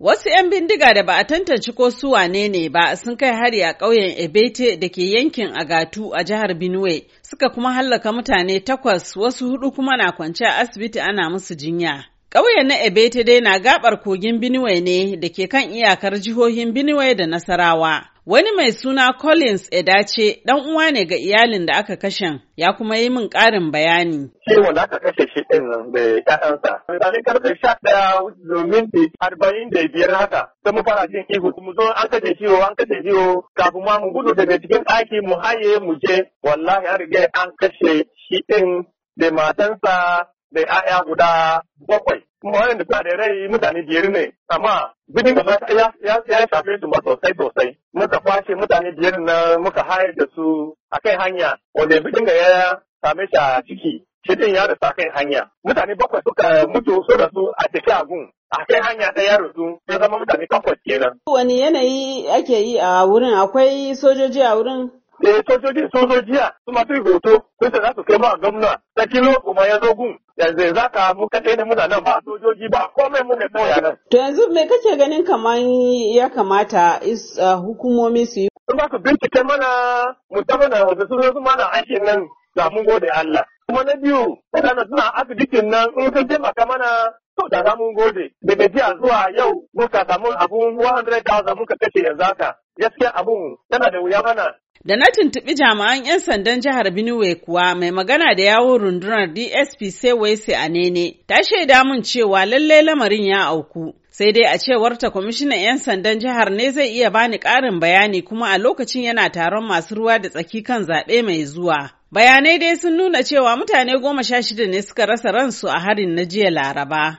Wasu 'yan bindiga da ba a tantance ko su wane ne ba sun kai hari a ƙauyen Ebete da ke yankin Agatu a jihar Benue suka kuma hallaka mutane takwas wasu hudu kuma na kwance a asibiti ana musu jinya. Ƙauyen na Ebete dai na gabar kogin Benue ne da ke kan iyakar jihohin Benue da Nasarawa. Wani mai suna Collins Edace dan uwa ne ga iyalin da aka kashen ya kuma yi min ƙarin bayani. Ciwon da aka kashe shi ɗin da ƴaƴansa. Misalin karfe sha ɗaya domin arba'in da biyar haka. Sai mu fara jin ihu mu zo an kashe ciwo an kashe ciwo kafin ma mu gudu daga cikin ɗaki mu haye mu je wallahi an riga an kashe shi ɗin da matansa da ƴaƴa guda bakwai. mawayan da suna rai mutane biyar ne amma gudun gaba ya shafe su ba sosai sosai muka kwashe mutane biyar na muka hayar da su akai hanya wanda oh, gudun ga ya same shi a ciki shirin ya rasu a hanya mutane bakwai suka mutu su rasu a tafi agun a hanya ta ya rasu ya zama mutane kenan. wani yanayi ake yi a wurin akwai sojoji a wurin eh sojoji sojojiya su ma duk hoto sun za su kai ma gwamna ta kilo kuma ya zo gun yanzu za ka mu kaɗai da mutanen ba sojoji ba komai mu ne tsaya nan. To yanzu me kake ganin kamar ya kamata uh, hukumomi su yi? Sun ba su bincike mana mu tabbata da su zo mana aikin nan da mun gode Allah. Kuma na biyu, mutanen suna asibitin nan in sun taimaka mana da za mun gode daga jiya zuwa yau muka samu abun 100,000 muka kashe yanzu haka gaskiya abun Yana da wuya mana Da na tuntuɓi jami'an 'yan sandan jihar Benue kuwa mai magana da yawon rundunar DSP sai a Anene ta shaida mun cewa lalle lamarin ya auku. Sai dai a cewarta kwamishinan 'yan sandan jihar ne zai iya bani ƙarin bayani kuma a lokacin yana taron masu ruwa da tsaki kan zaɓe mai zuwa. Bayanai dai sun nuna cewa mutane goma sha shida ne suka rasa ransu a harin na jiya Laraba.